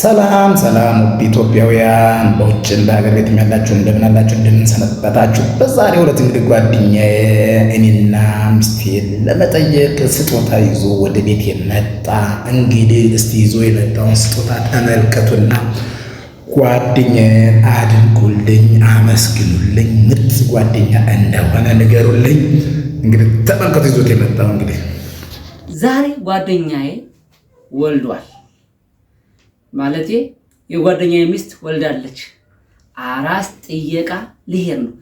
ሰላም ሰላም ውድ ኢትዮጵያውያን በውጭም በሀገር ቤት ያላችሁ እንደምን አላችሁ? እንደምን ሰነበታችሁ? በዛሬው ዕለት እንግዲህ ጓደኛዬ እኔና ሚስቴን ለመጠየቅ ስጦታ ይዞ ወደ ቤት የመጣ እንግዲህ እስቲ ይዞ የመጣውን ስጦታ ተመልከቱና ጓደኛዬን አድንቁልኝ፣ አመስግኑልኝ፣ ምርጥ ጓደኛ እንደሆነ ንገሩልኝ። እንግዲህ ተመልከቱ ይዞት የመጣው እንግዲህ ዛሬ ጓደኛዬ ወልዷል። ማለት የጓደኛ ሚስት ወልዳለች። አራስ ጥየቃ ልሄድ ነው።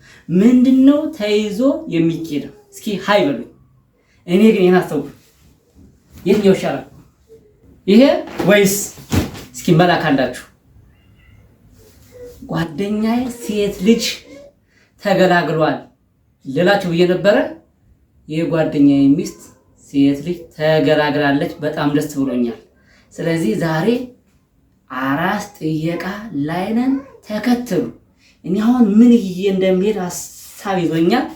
ምንድን ነው ተይዞ የሚኬደው? እስኪ ሀይ በሉኝ። እኔ ግን ይህን አስተውሉ። የትኛው ይሻላል? ይሄ ወይስ? እስኪ መላክ አንዳችሁ ጓደኛዬ ሴት ልጅ ተገላግሏል ልላችሁ ብዬ ነበረ። የጓደኛዬ ሚስት ሴት ልጅ ተገላግላለች። በጣም ደስ ብሎኛል። ስለዚህ ዛሬ አራስ ጥየቃ ላይነን ተከተሉ። እኔ አሁን ምን ይዬ እንደሚሄድ ሀሳብ ይዞኛል።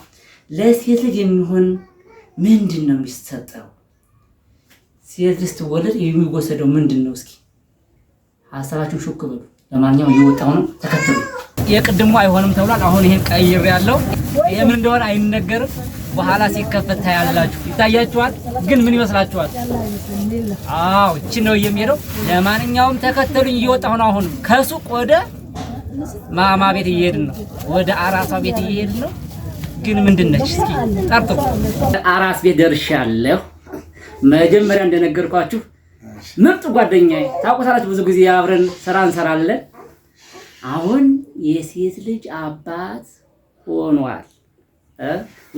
ለሴት ልጅ የሚሆን ምንድን ነው የሚሰጠው? ሴት ልጅ ስትወለድ የሚወሰደው ምንድን ነው? እስኪ ሀሳባችሁን ሹክ በሉ። ለማንኛውም እየወጣሁ ነው፣ ተከተሉ። የቅድሞ አይሆንም ተብሏል። አሁን ይሄን ቀይሬ ያለው ይሄ ምን እንደሆነ አይነገርም። በኋላ ሲከፈት ታያላችሁ። ይታያችኋል። ግን ምን ይመስላችኋል? አዎ እቺ ነው የሚሄደው። ለማንኛውም ተከተሉኝ። እየወጣሁ ነው። አሁን ከሱቅ ወደ ማማ ቤት እየሄድን ነው። ወደ አራሷ ቤት እየሄድን ነው። ግን ምንድን ነች? እስኪ ጠርቶ አራስ ቤት ደርሻለሁ። መጀመሪያ እንደነገርኳችሁ ምርጥ ጓደኛዬ ታውቁታላችሁ። ብዙ ጊዜ አብረን ስራ እንሰራለን። አሁን የሴት ልጅ አባት ሆኗል።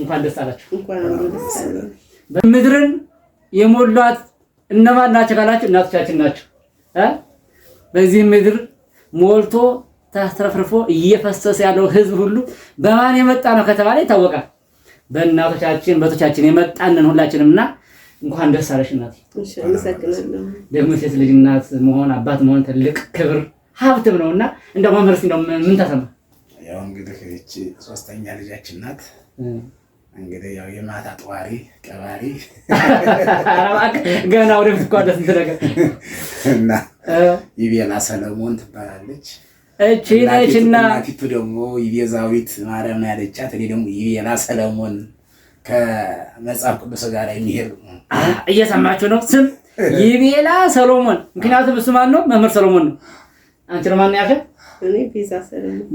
እንኳን ደስ አላችሁ። ምድርን የሞሏት እነማን ናቸው ካላችሁ እናቶቻችን ናቸው። በዚህ ምድር ሞልቶ ተትረፍርፎ እየፈሰሰ ያለው ህዝብ ሁሉ በማን የመጣ ነው ከተባለ ይታወቃል። በእናቶቻችን በቶቻችን የመጣንን ሁላችንም እና እንኳን ደስ አለሽ እናት። ደግሞ ሴት ልጅ እናት መሆን አባት መሆን ትልቅ ክብር ሀብትም ነውና እንደው መምህርስ ምን ታሰማ? ያው እንግዲህ ይህቺ ሶስተኛ ልጃችን ናት። እንግዲህ ያው የማታ ጠዋሪ ቀባሪ ገና ወደ ምትቋደስ ነገር እና ይቤላ ሰለሞን ትባላለች። እቺ ነች እና ፊቱ ደግሞ ይቤዛዊት ማርያም ያለቻት፣ እኔ ደግሞ ይቤላ ሰለሞን ከመጽሐፍ ቅዱስ ጋር የሚሄድ እየሰማችሁ ነው። ስም ይቤላ ሰሎሞን። ምክንያቱም እሱ ማን ነው? መምህር ሰሎሞን ነው። አንቺ ነው ማን ያልከኝ?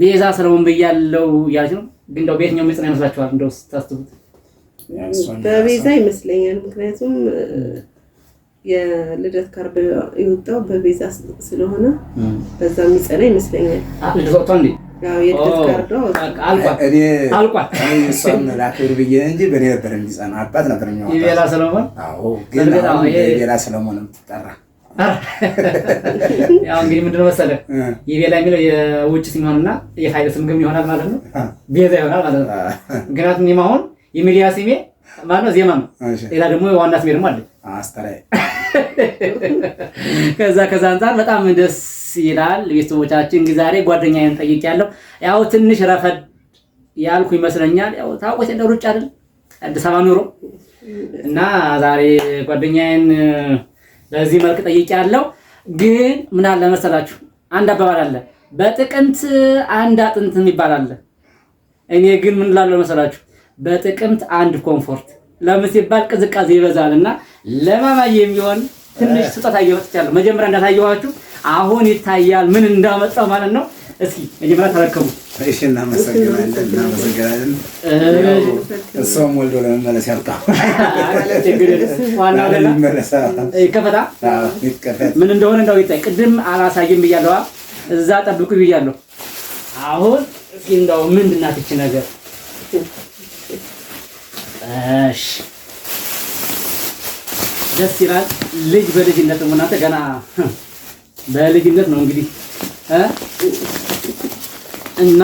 ቤዛ ሰለሞን ብያለው ያለች ነው። ግን እንደው በየትኛው ሚጽና ይመስላችኋል? እንደው ስታስቡት በቤዛ ይመስለኛል። ምክንያቱም የልደት ካርድ የወጣው በቤዛ ስለሆነ በዛ የሚጸና ይመስለኛል። ልደት ወጥቷ እንዴ? ነበር የሚጸና አባት ነበር ሰለሞን ሰለሞን የምትጠራ ያው እንግዲህ ምንድነው መሰለህ የቤላ የሚለው የውጭ ሲሆንና የኃይለ ስም ግም ይሆናል ማለት ነው። ቤዛ ይሆናል ማለት ነው። ምክንያቱም እኔም አሁን የሚዲያ ስሜ ማለት ነው ዜማ ነው። ሌላ ደግሞ ዋና ስሜ ደግሞ አለ አስተራይ። ከዛ ከዛ አንጻር በጣም ደስ ይላል። ቤተሰቦቻችን እንግዲህ ዛሬ ጓደኛዬን ጠይቄያለሁ። ያው ትንሽ ረፈድ ያልኩ ይመስለኛል። ያው ታውቆት እንደ ሩጫ አይደል አዲስ አበባ ኑሮ እና ዛሬ ጓደኛዬን በዚህ መልክ ጠይቄ ያለው ግን ምን አለ መሰላችሁ፣ አንድ አባባል አለ፣ በጥቅምት አንድ አጥንት የሚባል አለ። እኔ ግን ምን ላለው መሰላችሁ፣ በጥቅምት አንድ ኮምፎርት። ለምን ሲባል ቅዝቃዜ ይበዛል እና ለማማዬ የሚሆን ትንሽ ስጦታ እየወጥቻለሁ። መጀመሪያ እንዳታየኋችሁ አሁን ይታያል ምን እንዳመጣው ማለት ነው። እስኪ መጀመሪያ ተረከቡ። እሺ፣ እናመሰግናለን እናመሰግናለን። እሷም ወልዶ ለመመለስ ያብቃው። ምን እንደሆነ እንዳው ይታይ። ቅድም አላሳይም ብያለሁ፣ እዛ ጠብቁ ብያለሁ። አሁን እስኪ እንዳው ምንድን ናት ይቺ ነገር? እሺ፣ ደስ ይላል። ልጅ በልጅነት ነው እናንተ ገና በልጅነት ነው እንግዲህ እና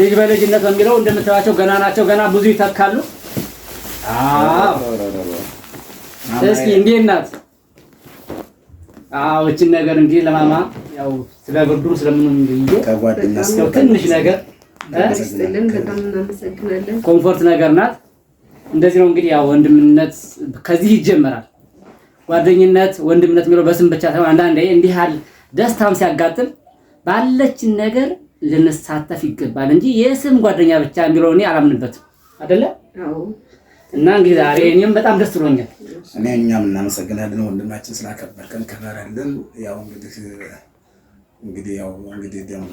ልጅ በልጅነት በሚለው እንደምታዩቸው ገና ናቸው። ገና ብዙ ይተካሉ። እስኪ እንዴት ናት? አዎ ነገር እንግዲህ ለማማ ያው ስለ ብርዱ ስለምንም ትንሽ ነገር ኮምፎርት ነገር ናት። እንደዚህ ነው እንግዲህ ያው ወንድምነት ከዚህ ይጀመራል። ጓደኝነት፣ ወንድምነት የሚለው በስም ብቻ ሳይሆን አንዳንዴ እንዲህ ያህል ደስታም ሲያጋጥም ባለችን ነገር ልንሳተፍ ይገባል እንጂ የስም ጓደኛ ብቻ የሚለው እኔ አላምንበትም። አይደለ? እና እንግዲህ ዛሬ እኔም በጣም ደስ ብሎኛል። እኔ እኛም እናመሰግናለን ወንድማችን ስላከበርከን፣ ክበረልን። ያው እንግዲህ እንግዲህ ያው እንግዲህ ደግሞ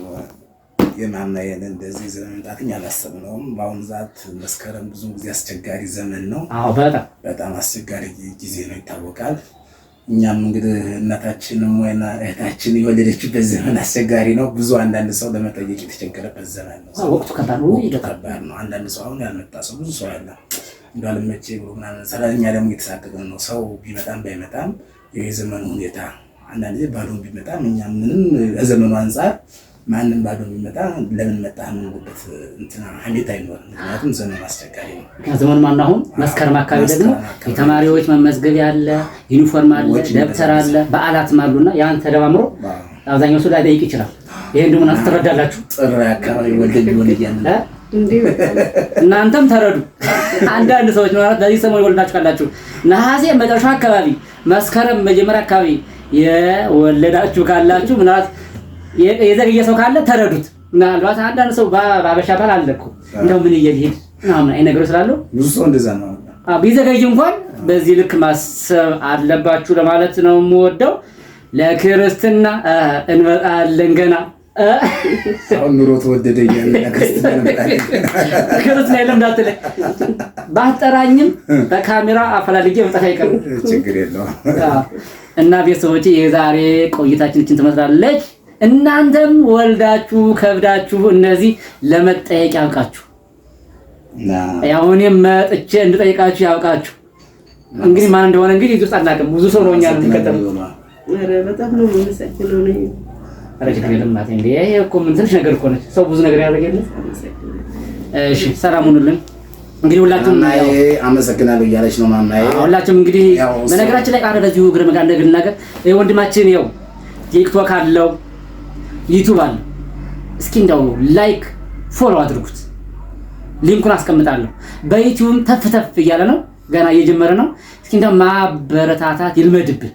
የማናየን እንደዚህ ዘመን መምጣትን አላሰብነውም። በአሁኑ ሰዓት መስከረም ብዙ ጊዜ አስቸጋሪ ዘመን ነው። አዎ በጣም በጣም አስቸጋሪ ጊዜ ነው፣ ይታወቃል። እኛም እንግዲህ እናታችን ወይና እህታችን የወለደችበት ዘመን አስቸጋሪ ነው። ብዙ አንዳንድ ሰው ለመጠየቅ የተቸገረበት ዘመን ነው። ወቅቱ ከባድ ነው። አንዳንድ ሰው አሁን ያልመጣ ሰው ብዙ ሰው ያለ እንዳልመቼ ብሎ ምናምን ሰራተኛ ደግሞ እየተሳቀቅን ነው። ሰው ቢመጣም ባይመጣም የዘመኑ ሁኔታ አንዳንድ ጊዜ ባዶ ቢመጣም እኛ ምንም ከዘመኑ አንጻር ማንም ባዶ የሚመጣ ለምን መጣ የምንልበት እንትና ሁኔታ አይኖርም። ምክንያቱም ዘመኑ አስቸጋሪ ነው። ዘመኑ ማነው አሁን መስከረም አካባቢ ደግሞ የተማሪዎች መመዝገቢያ አለ፣ ዩኒፎርም አለ፣ ደብተር አለ፣ በዓላትም አሉና ያን ተደማምሮ አብዛኛው ሰው ላይጠይቅ ይችላል። ይሄን ደግሞ ትረዳላችሁ። ጥር አካባቢ ወልደ ሊሆን እያለ እናንተም ተረዱ። አንዳንድ ሰዎች ማለት በዚህ ሰሞን ወልዳችሁ ካላችሁ ነሐሴ መጨረሻ አካባቢ መስከረም መጀመሪያ አካባቢ የወለዳችሁ ካላችሁ ምናልባት የዘገየ ሰው ካለ ተረዱት። ምናልባት አንዳንድ ሰው ባበሻ ባል አለ እኮ እንደው ምን እየሄድ ምናምን አይ ነገሮች ስላለው ብዙ ሰው እንደዛ ነው። ቢዘገይ እንኳን በዚህ ልክ ማሰብ አለባችሁ ለማለት ነው የምወደው። ለክርስትና እንመጣለን ገና አሁን ኑሮ ተወደደ ክርስትና የለም እንዳትለኝ ባትጠራኝም በካሜራ አፈላልጌ መጣት አይቀርም። ችግር የለውም እና ቤተሰቦቼ የዛሬ ቆይታችን ይችን ትመስላለች። እናንተም ወልዳችሁ ከብዳችሁ እነዚህ ለመጠየቅ ያብቃችሁ። ያው መጥቼ እንድጠይቃችሁ ያብቃችሁ። እንግዲህ ማን እንደሆነ እንግዲህ እዚህ ውስጥ አናውቅም። ብዙ ሰው ነውኛ ትከተሉ በጣም ነው ማለት እንዴ ይሄ እኮ ትንሽ ነገር እኮ ነች። ሰው ብዙ ነገር ያደርጋል። እሺ ሰላም ሁኑልን። እንግዲህ ሁላችሁም አመሰግናለሁ እያለች ነው ማማዬ። ሁላችሁም እንግዲህ በነገራችን ላይ ቃል በዚሁ እግረ መጋ እንደግል ነገር ወንድማችን ያው ቲክቶክ አለው ዩቱብ አለ። እስኪ እንዳው ላይክ ፎሎ አድርጉት። ሊንኩን አስቀምጣለሁ። በዩቱብም ተፍ ተፍ እያለ ነው፣ ገና እየጀመረ ነው። እስኪ እንዳው ማበረታታት ይልመድብን።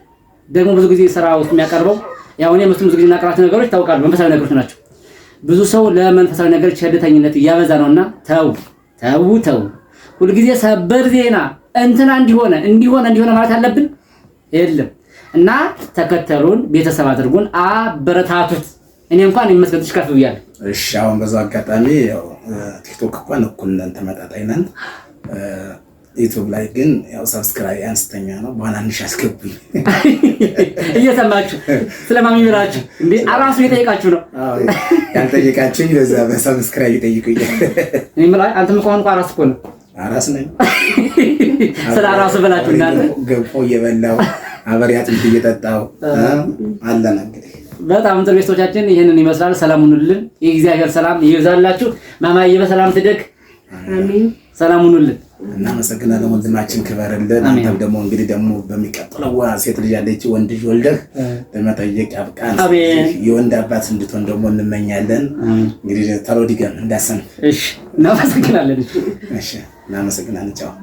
ደግሞ ብዙ ጊዜ ስራ ውስጥ የሚያቀርበው ያው እኔ ብዙ ጊዜ እናቀርባቸው ነገሮች ይታወቃሉ፣ መንፈሳዊ ነገሮች ናቸው። ብዙ ሰው ለመንፈሳዊ ነገር ቸልተኝነት እያበዛ ነውና ተው ተው ተው። ሁልጊዜ ሰበር ዜና እንትና እንዲሆነ እንዲሆነ እንዲሆነ ማለት አለብን የለም እና ተከተሉን፣ ቤተሰብ አድርጉን፣ አበረታቱት። እኔ እንኳን የመስገድሽ ከፍ ብያለሁ። እሺ አሁን በዛ አጋጣሚ ያው ቲክቶክ እንኳን እኩል ነን ተመጣጣኝ ነን። ዩቱብ ላይ ግን ያው ሰብስክራይ አነስተኛ ነው። በኋላ እንሽ አስገቡኝ እየሰማችሁ ስለማሚ ብላችሁ እንደ ራሱ እየጠየቃችሁ ነው ያልጠየቃችሁኝ በዛ በሰብስክራይ ይጠይቁኛል። እኔ ምላ አንተም ከሆን እኮ አራስ እኮ ነው አራስ ነኝ። ስለ አራሱ ብላችሁ እናንተ ገንፎ እየበላው አበሪያት እየጠጣሁ አለን ነገር በጣም ጥሩ ቤተሰቦቻችን ይህንን ይመስላል። ሰላሙኑልን የእግዚአብሔር ሰላም ይብዛላችሁ። ማማዬ በሰላም ትደግ። አሜን። ሰላሙኑልን እናመሰግናለን። ወንድማችን ክበርልን። አንተም ደግሞ እንግዲህ ደግሞ በሚቀጥለው ሴት ልጅ ያለች ወንድ ልጅ ወልደህ ለመጠየቅ ያብቃን። የወንድ አባት እንድትሆን ደግሞ እንመኛለን። እንግዲህ ተሎዲገን እንዳሰን እናመሰግናለን። እናመሰግናለን። ቻው